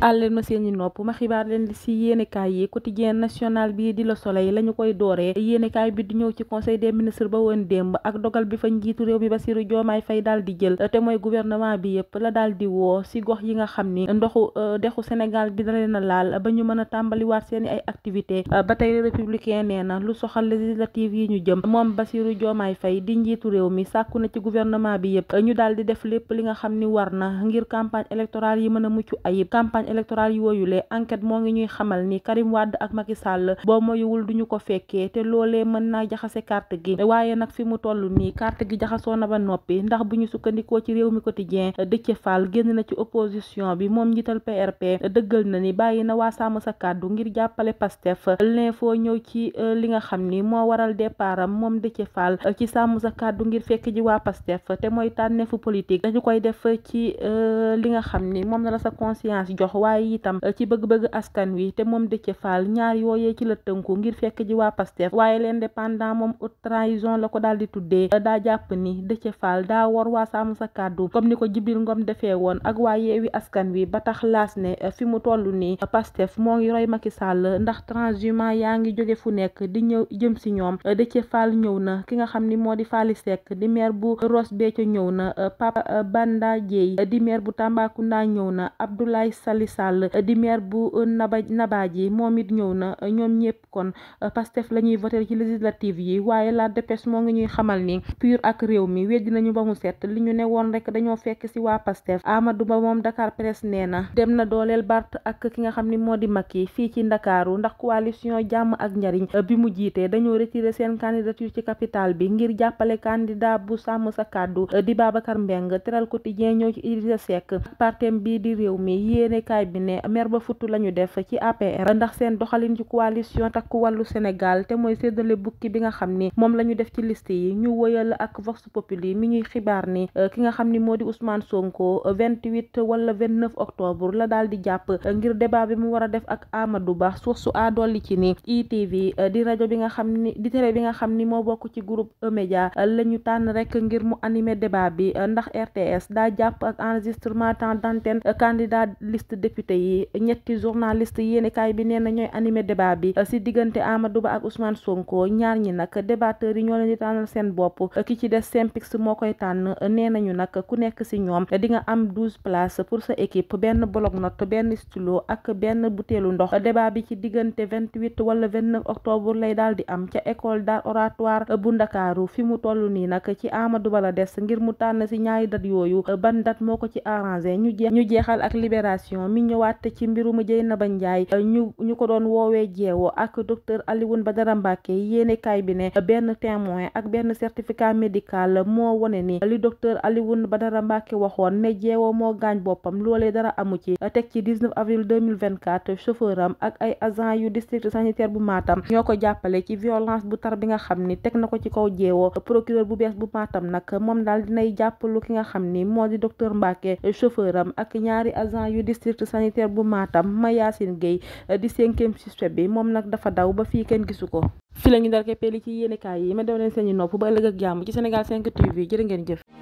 àlleen ma seen ñi nopp ma xibaar leen li si yéenekaay yi quotidien national bi di Le Soleil la ñu koy dooree yéenekaay bi di ñëw ci conseil des ministres ba woon démb ak dogal bi fa njiitu réew mi Bassirou Diomaye Faye daal di jël te mooy gouvernement bi yëpp la daal di woo si gox yi nga xam ni ndoxu euh, dexu Sénégal bi da leen laal ba ñu mën a tàmbaliwaat seen ay activité euh, ba tey républicain nee na lu soxal législative yi ñu jëm moom Bassirou Diomaye Faye di njiitu réew mi sàkku na ci gouvernement bi yëpp ñu daal di def lépp li nga xam ni war na ngir campagne électorale yi mën a mucc ayib campagne campagne électorale yooyulee enquête moo ngi ñuy xamal ni Karim Wade ak Macky Sall boo moyuwul duñu ko fekkee te loolee mën naa jaxase carte gi waaye nag fi mu toll nii carte gi jaxasoo na ba noppi ndax bu ñu sukkandikoo ci réew mi quotidien Déthié Fall génn na ci opposition bi moom njiital PRP dëggal na ni bàyyi na waa sàmm sa kàddu ngir jàppale Pastef foo ñëw ci euh, li nga xam ni moo waral départam moom Déthié Fall ci sàmm sa kàddu ngir fekk ji waa Pastef te mooy tànneefu politique dañu koy def ci euh, li nga xam ni moom la sa conscience jox waaye itam ci bëgg-bëgg askan wi te moom Déthié Fall ñaar yooyee ci la tënku ngir fekk ji waa Pastef waaye l'indépendant moom haute trahison la ko daal di tuddee daa jàpp ni Déthié Fall daa war waa sàmm sa kàddu comme ni ko Jibril Ngom defee woon ak waaye wi Askan Wi ba tax laas ne fi mu toll nii Pastef moo ngi roy Macky Sall ndax transhumant yaa ngi jóge fu nekk di ñëw jëm si ñoom Déthié Fall ñëw na ki nga xam ni moo di Faly Seck di maire bu Ross Béthio ñëw na Papa Banda Dièye di maire bu Sall di maire bu naba Nabadji moom it ñëw na ñoom ñëpp kon Pastef la ñuy voter ci législative yi waaye la dépêche moo ngi ñuy xamal ni pur ak réew mi weddi nañu ba mu set li ñu ne woon rek dañoo fekk si waa Pastef Amadou Ba moom Dakar Presse nee na dem na dooleel Bart ak ki nga xam ni moo di Macky fii ci Ndakaaru ndax coalition jàmm ak njariñ bi mu jiitee dañoo retiré seen candidature ci capitale bi ngir jàppale candidat bu sàmm sa kàddu di Babacar yéenekaay bi ne mer ba futt lañu def ci APR ndax seen doxalin ci coalition takku wàllu Sénégal te mooy séddale bukki bi nga xam ni moom la ñu def ci liste yi ñu wëyal ak Vox Populi mi ñuy xibaar ni euh, ki nga xam ni moo di Ousmane Sonko 28 euh, wala 29 octobre la daal di jàpp euh, ngir débat bi mu war a def ak Amadou Ba source su a dolli ci ni ITV di rajo bi nga xam ni di télé bi nga xam ni moo bokk ci groupe E-Media la ñu tànn rek ngir mu animer débat bi député yi ñetti journaliste yéenekaay bi nee na ñooy animé débat bi si diggante Amadou Ba ak Ousmane Sonko ñaar ñi nag débateur yi ñoo leen di seen bopp ki ci des Simpix moo koy tànn nee nañu nag ku nekk si ñoom di nga am douze place pour sa équipe benn bloc-notes benn stylo ak benn butéelu ndox débat bi ci diggante vingt huit wala vingt neuf octobre lay daal di am ca école d'art oratoire bu Ndakaaru fi mu toll nii nag ci Amadou Ba la des ngir mu tànn si ñaari dat yooyu ban dat ñu jeexal ak mi ñëwaat ci mbirum Dieynaba Ndiaye ñu ñu ko doon woowee jeewo ak docteur ba dara Mbacké yéenekaay bi ne benn témoin ak benn certificat médical moo wone ni li docteur Alioune Badara Mbacké waxoon ne jeewo moo gaañ boppam loole dara amu ci teg ci 19 avril 2024 chauffeur am ak ay agent yu district sanitaire bu maatam ñoo ko jàppale ci violence bu tar bi nga xam ni teg na ko ci kaw jeewo procureur bu bees bu Matam nag moom daal dinay jàppalu ki nga xam ni moo di docteur Mbacké sanitaire bu maatam Matam Mayacine Gueye eh, di cinquième suspect bi moom nag dafa daw ba fii kenn gisu ko fi la ñu ndar keppee li ci yéenekaay yi ma dew leen seeni nopp ba ëllëg ak jàmm ci Sénégal 5 TV jërë ngeen jëf